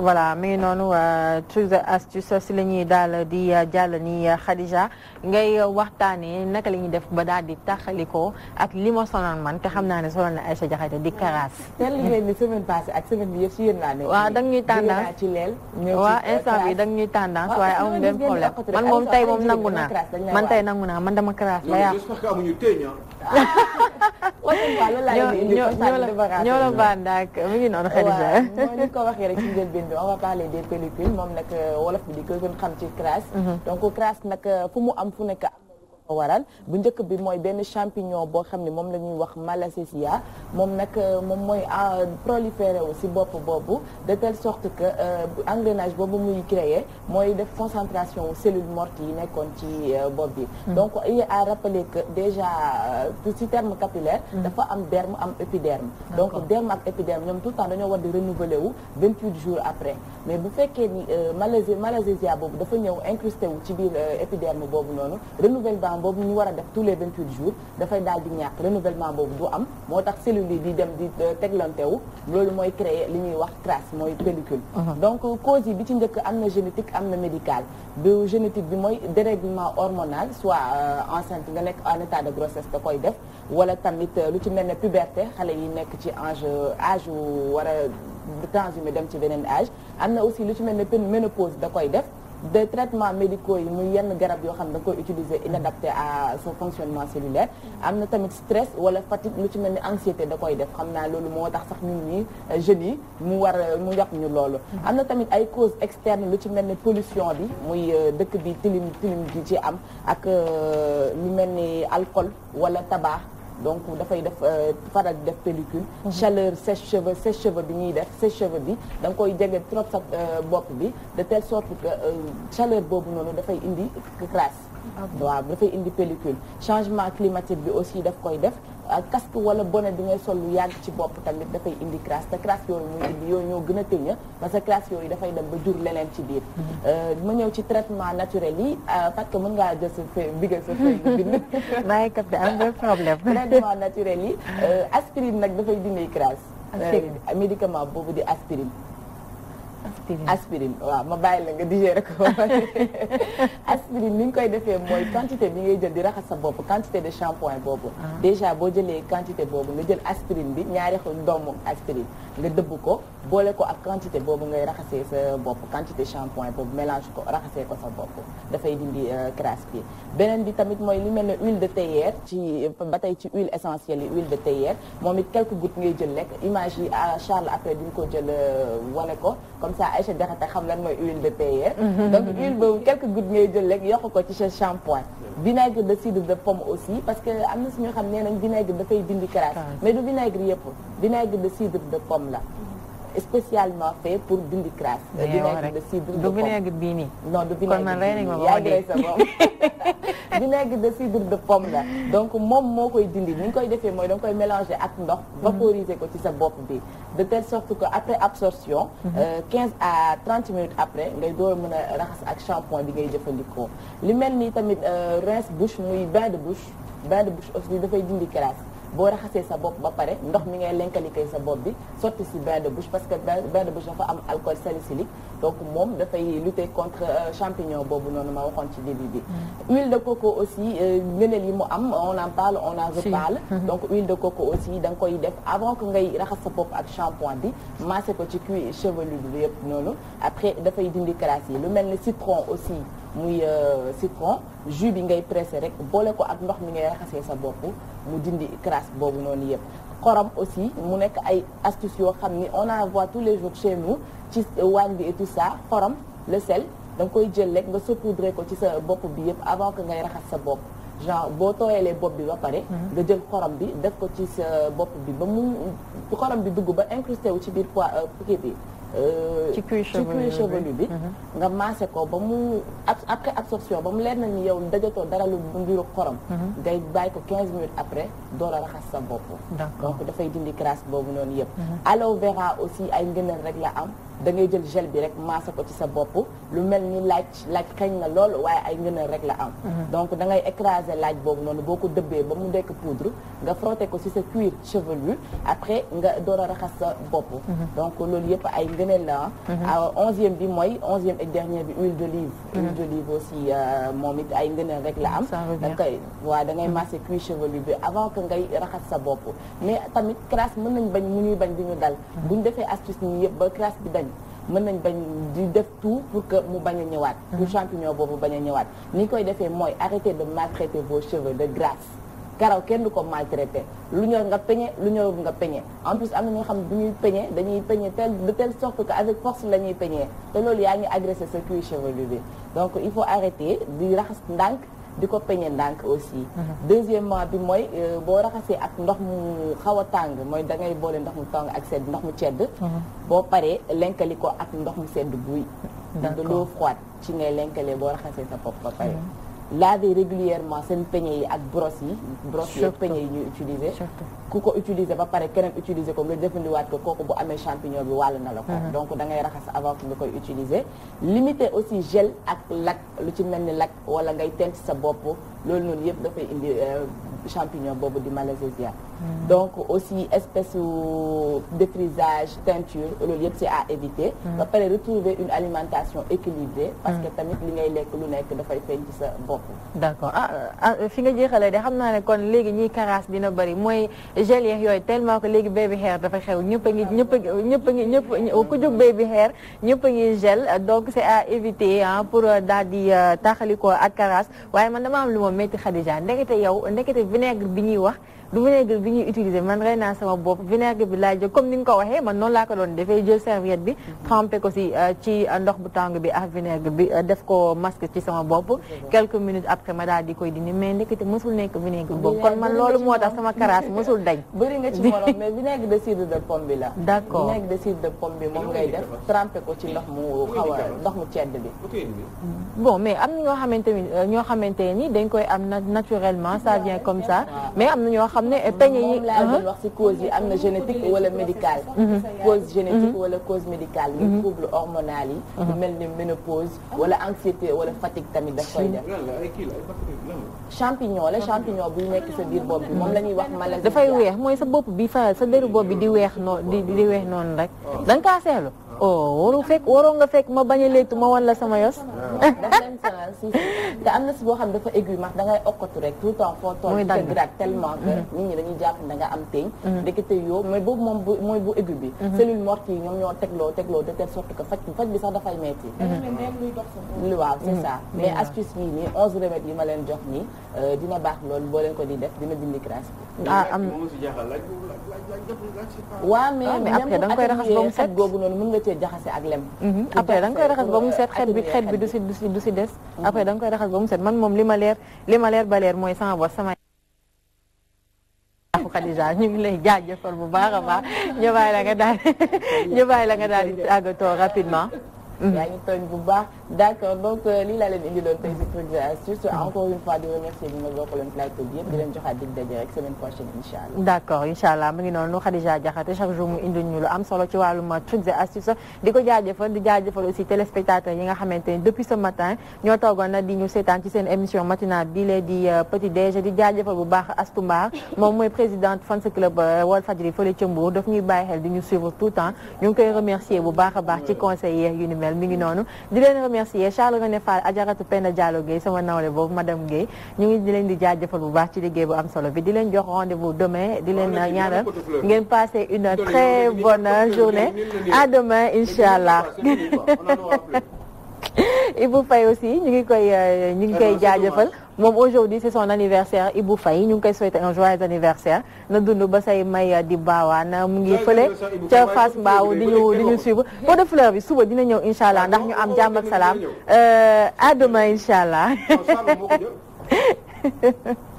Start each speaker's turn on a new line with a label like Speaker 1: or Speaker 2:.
Speaker 1: voilà mi ngi noonu euh, trucs astuce si la ñuy daal di euh, jàll ni euh, Khadija ngay waxtaanee naka la ñuy def ba daal di taxalikoo ak li ma sonal man te xam naa ne sonal na Aïcha Diakhaté di karaas. teel ngeen ni semaine passée ak semaine bi yëpp si yéen laa nekk. waaw da ñuy tendance ci leel. waaw instant bi da ñuy tendance waaye amuñu benn problème man moom tey moom nangu naa man tey nangu naa man dama karaas la yàqu. ñoo la baan
Speaker 2: daak mu ngi noonu Khadija waaw ñu ko waxee rek ci njëlbéen bi on va parler des pellicules moom nag euh, wolof bi di ko gën xam ci crasse mhm. donc crasse nag euh, fu mu am fu nekk ko waral bu njëkk bi mooy benn champignon boo xam ne moom la ñuy wax malassezia moom nag euh, moom mooy euh, proliféré wu si bopp boobu de telle sorte que euh, engrenage boobu muy créer mooy def concentration wu cellules yi nekkoon ci bopp bi hmm. donc il est à rappeler que déjà si terme capillaire hmm. dafa am derme am épiderme donc derme ak épiderme ñoom tout le temps dañoo war di renouveler wu vingt-huit jours après mais bu fekkee ni malassezia boobu dafa ñëw incrusté wu ci biir épiderme boobu noonu boobu ñu war a def tous les 28 jours dafay daal di ñàkk renouvellement boobu du am moo tax cellules yi di dem di euh, wu loolu mooy créer li ñuy wax trace mooy pellicule uh-huh. donc cause yi bi ci njëkk am na génétique am na médical bu génétique bi mooy dérèglement hormonal soit euh, enceinte nga nekk en état de grossesse da koy def wala tamit euh, lu ci mel ne puberté xale yi nekk ci âge âge wu war a transhumé dem ci beneen âge am na aussi lu ci mel ne ménopose da koy def de traitements médicaux yi muy yenn garab yoo xam ne da koy utiliser inadapté à son fonctionnement cellulaire am na tamit stress wala fatigue lu ci mel ni anxiété da koy def xam naa loolu moo tax sax ñun ñi euh, jeunes yi mu war mu yàpp ñu loolu am na tamit ay causes externes lu ci mel ni pollution bi muy euh, dëkk bi tilim tilim gi ci am ak euh, lu mel ni alcool wala tabac donc dafay def euh, faral di def pellicule mhm. chaleur sèche-cheveux sèche bi ñuy def sèche-cheveux bi da nga koy jege trop sa euh, bopp bi de telle sorte que euh, chaleur boobu noonu dafay indi crasse ah waaw dafay indi pellicule changement climatique bi aussi daf koy def casque wala bonnet bi ngay sol lu yàgg ci bopp tamit dafay indi crasse te crasse yooyu muy indi yooyu ñoo gën a tëña parce que crasse yooyu dafay dem ba jur leneen ci biir euh, ma ñëw ci traitement naturel yi euh, parce que mën ngaa jël sa fee bigal sa fee nga bind maa ngi capté am na problème traitement naturel yi euh, aspirine nag dafay dindi crasse médicament boobu di aspirine aspirine aspirine waaw ma bàyyi la nga digérer ko ni ñu koy defee mooy quantité bi ngay jël di raxas sa bopp quantité de shampoing boobu. Ah. déjà boo jëlee quantité boobu nga jël aspirine bi ñaari doomu aspirine nga dëbb ko boole ko ak quantité boobu ngay raxasee sa bopp quantité shampoing boobu mélange ko raxasee ko sa bopp dafay dindi euh, crasse bi beneen bi tamit mooy li mel ne huile de théière ci ba tey ci huile essentielle yi huile de théière moom it quelques gouttes jël rek image yi ah, Charles après duñ ko jël euh, wane ko. comme ça Aïcha Diakhaté xam lan mooy huile de paye mm-hmm. donc huile boobu quelques gouttes ngay jël rek yokk ko ci sa shampoing vinaigre de cidre de pomme aussi parce que am na suñu xam nee nañ vinaigre dafay dindi crasse mais du vinaigre yëpp vinaigre de cidre de pomme la spécialement fait pour dindi crasse. du nekk de cidre de pomme non du vinaigre vinaigre de cidre de pomme la donc moom moo koy dindi ni ñu koy defee mooy da koy mélanger ak ndox mhm. vaporiser ko ci sa bopp bi de telle sorte que après absorption mhm. euh, quinze à trente minutes après ngay door mën a raxas ak shampoing bi ngay jëfandikoo li mel ni tamit euh, rince bouche muy bain de bouche bain de aussi dafay dindi crasse boo raxasee sa bopp ba pare ndox mi ngay lenkalikay sa bopp bi sotti si bain de parce que bain de bouche dafa am alcool salicylique donc moom dafay lutter contre euh, champignon boobu noonu ma waxoon ci début bi. Mm. huile de coco aussi euh, ngëneel yi mu am on en parle on en reparle. Mm-hmm. donc huile de coco aussi da nga koy def avant que ngay raxas sa bopp ak shampoing bi massé ko ci cuir chevelu bi yëpp noonu après dafay dindi crasse yi lu mel ne citron aussi. muy euh, citron jus bi ngay pressé rek boole ko ak ndox mi ngay raxasee sa bopp mu dindi crasse boobu noonu yëpp xorom aussi mu nekk ay astuces yoo xam ni on en voit tous les jours chez nous ci waañ bi et tout ça xorom le sel da koy jël rek nga saupoudrer ko ci sa bopp bi yëpp avant que ngay raxas sa bopp genre boo tooyalee bopp bi ba pare mhm. nga jël xorom bi def ko ci sa bopp bi ba mu xorom bi dugg ba incrusté wu ci biir poids euh, kii bi Euh, ci cuir chevelu bi mhm. nga maase ko ba mu après absorption ba mu leer na ni yow dajatoo dara lu mbiru xorom ngay mhm. bàyyi ko 15 minutes après door a raxas sa bopp donc dafay dindi crasse boobu noonu yëpp mhm. aloe vera aussi ay ngënal rek la am da ngay jël gel bi rek maasa ko ci sa bopp lu mel ni laaj laaj xeeñ na lool waaye ay ngëneel rek la am mhm. donc da ngay écraser laaj boobu noonu boo ko dëbbee ba mu nekk poudre nga frotter ko ci sa cuir chevelu après nga door a raxas sa bopp mhm. donc loolu yëpp ay ngëneel la mhm. ah onzième bi mooy onzième et dernier bi huile d'olive huile d'olive aussi euh, moom it ay ngëneel rek la am danga koy waaw da ngay maase cuir chevelu bi avant que ngay raxas sa bopp mais tamit crasse mën nañ bañ mu ñuy bañ di ñu dal buñ defee astuce nii yëpp ba crasse bi dañ mën nañ bañ di def tout pour que mu bañ a ñëwaat mm-hmm. pour champignon boobu bañ a ñëwaat ni koy defee mooy arrêter de maltraiter vos cheveux de grâce karaw kenn du ko maltraité lu ñor nga peñe lu ñorul nga peñe en plus am na ñoo xam ne bu ñuy peñe dañuy peñe tel de telle sorte que avec force la ñuy peñee te loolu yaa ngi agressé sa cuir chevelu bi donc il faut arrêter di raxas ndànk di ko peñe ndànk aussi mhm. deuxièmement bi mooy euh, boo raxasee ak ndox mu xaw a tàng mooy da ngay boole ndox mu tàng ak sedd ndox mu cedd mhm. boo paree lenkali ko ak ndox mu sedd buy ndax de l'eau ci ngay lenkalee boo raxasee sa bopp ba pare mhm. laver régulièrement seen peñe yi ak brosse yi brosse yi yi ñuy utiliser ku ko utiliser ba pare keneen utiliser ko nga jëfandiwaat ko kooku bu amee champignon bi wàll na la ko mm-hmm. donc dangay raxas avant que nga koy utiliser limiter aussi gel ak lak lu ci mel ni lak wala ngay tent sa bopp loolu noonu yëpp dafay indi euh, champignon boobu di Malassezia hmm. donc aussi espèce défrisage teinture loolu yëpp c'est à éviter hmm. ba pare retrouver une alimentation équilibrée parce hmm. que tamit li ngay lekk lu nekk dafay feeñ ci sa bopp d'accord ah,
Speaker 1: ah, ah fi nga jeexalee de xam naa ne kon léegi ñiy karaas dina bëri mooy gel yeex yooyu tellement que léegi baby hair dafa xew ñëpp a ngi ñëpp a ñëpp a ngi ñëpp ku jóg baby hair ñëpp a ngi gel donc c'est à éviter pour euh, daal di euh, taxalikoo ak karaas waaye man dama am lu ma moom metti Khadija ndekete yow ndekete vinaigre bi ñuy wax du vinaigre bi ñuy utiliser man rey sama bopp vinaigre bi laa jël comme ni nga ko waxee man noonu laa ko doon defee jël serviette bi mm-hmm. trempé ko si ci euh, euh, ndox bu tàng bi ak vinaigre bi euh, def ko masque ci sama bopp quelques minutes après ma daal di koy dindi mais ndekete mosul nekk vinaigre boobu kon man loolu moo tax sama karaas mosul dañ bëri nga ci morom
Speaker 2: mais de cidre de pomme la d'accord vinaigre de cidre de pomme ko ci ndox mu xaw mu cedd bi
Speaker 1: bon mais am na ñoo xamante ni ñoo xamante ni dañ koy am naturellement ça vient comme ça mais am na ñoo xam ne peñe yi moom laa uh-huh. doon wax si cause yi am na génétique wala médicale mm-hmm. cause génétique mm-hmm.
Speaker 2: wala cause médicale muy mm-hmm. trouble hormonal yi lu mel ni ménopause wala anxiété wala fatigue tamit daf koy def
Speaker 1: champignon la champignon buy nekk sa biir bopp bi moom la ñuy wax maladie dafay weex mooy sa bopp bi fa sa déru bopp bi di weex noonu di di weex noonu rek oh. da nga kaa seetlu oh waru fekk waroo nga fekk ma baña a ma wan la sama yos daal si am na si boo xam dafa aigu ma da ngay okkatu rek tout le temps foo toll di ko gratte tellement que mm-hmm.
Speaker 2: nit ñi dañuy jàpp da nga am teeñ mm-hmm. ndekete yoo mais moom bu mooy bu aigu bi mm-hmm. cellule morte yi ñoom ñoo tegloo tegloo de telle sorte que faj faj bi sax dafay metti lu waaw c'est ça mais astuce bii nii onze remèdes yi ma leen jox nii euh, dina baax loolu boo leen ko di def dina dindi crasse bi ah am waaw ah, mais mais après da nga koy raxas ba mu set
Speaker 1: googu noonu mën nga cee jaxase ak lem mhm. après da koy raxas ba mu set xet bi xet bi du si du si du si des mhm. après da koy raxas ba mu set man moom li ma leer li ma leer ba leer mooy sama bopp sama waaw Khadija ñu ngi lay jaajëfal bu baax a baax ñu bàyyi la nga daal ñu bàyyi la nga daal di àggatoo rapidement yaa ngi tooñ bu baax d' accord
Speaker 2: donc euh, lii laa leen indi loon tey si trucs et astuces mm-hmm. encore une fois di remercier bi ma bokk leen plateau bi yëpp di leen joxaat dig
Speaker 1: daje jour mu indi ñu lu am solo ci wàllum trucs et astuces di ko jaajëfal di jaajëfal aussi téléspectateurs yi nga xamante ni depuis ce matin ñoo toogoon na di ñu seetaan ci seen émission matinale bi lee di euh, petit déj di jaajëfal bu baax Astou Mbar moom mooy présidente fans club euh, Walfadjri fële ca Mbour daf ñuy bàyyi xel di ñu suivre tout le temps ñu ngi koy remercier bu baax a baax ci conseil yu mel mi ngi noonu di leen remercier Charles René Fall Ajaratu Penda Diallo Guèye sama nawle boobu madame Guèye ñu ngi di leen di jëfal bu baax ci liggéey bu am solo bi di leen jox rendez-vous demain di leen ñaanal ngeen passer une très bonne journée à demain inchallah Ibou Faye aussi ñu ngi koy euh, ñu ngi koy jaajëfal moom aujourd'hui c'est son anniversaire Ibou fay ñu ngi koy souhaiter un joyeux anniversaire na dund ba say may di na mu ngi fële ca Fass Mbao di ñu di ñu suivre pot de fleur bi suba dina ñëw incha allah ndax ñu am jàmm ak salaam euh, à demain allah